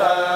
a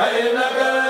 فإنك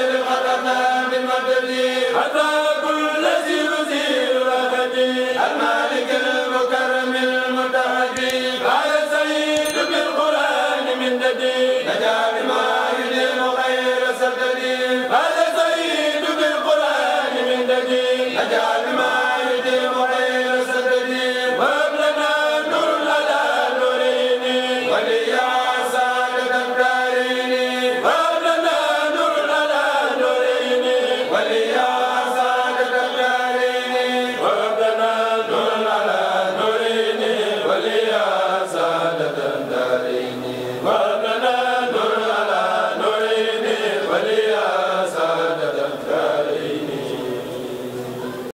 qadri